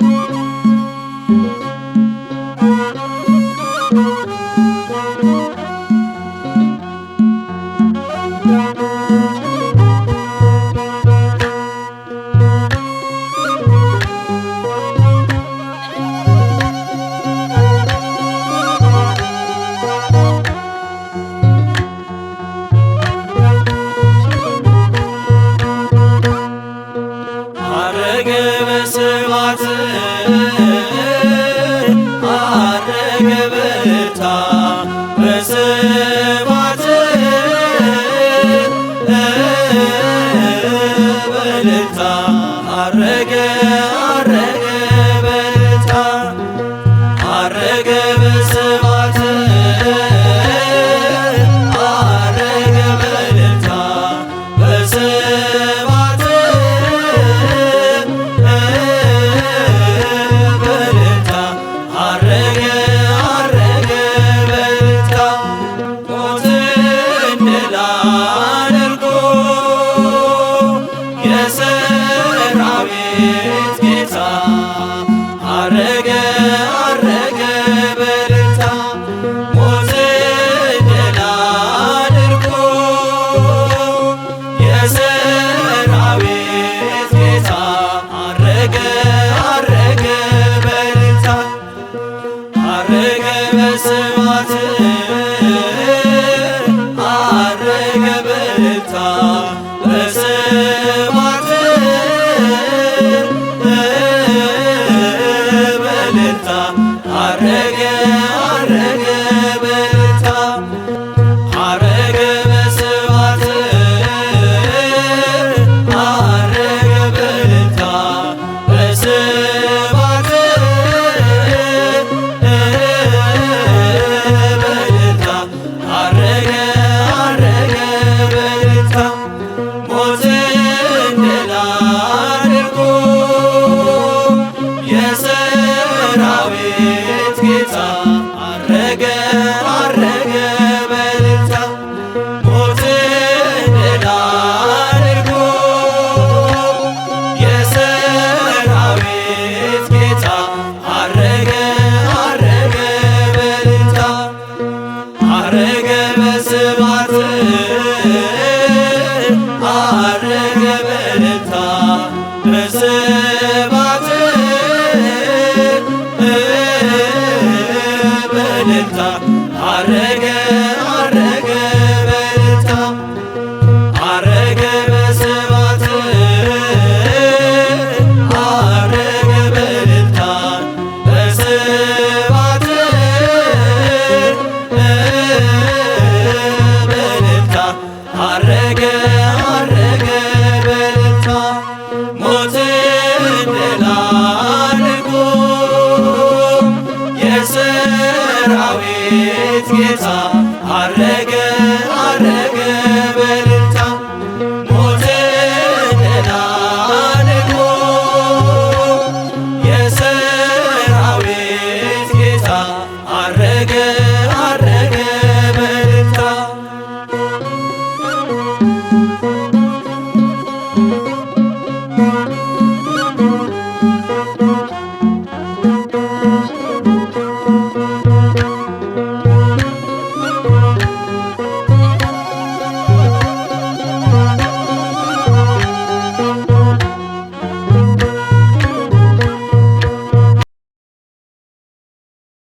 Música በልታ አረገ አረገ በልታ አረገ አቤት አረገ አረገ በልታ አረገ በሰባት አረገ በልታ በሰባት በልታ አረገ አረገ በልታ ሞት ጌታ አረገ አረገ በልልታ ሞተ ተናንቆ የሰራዊት ጌታ አረገ አረገ በልልታ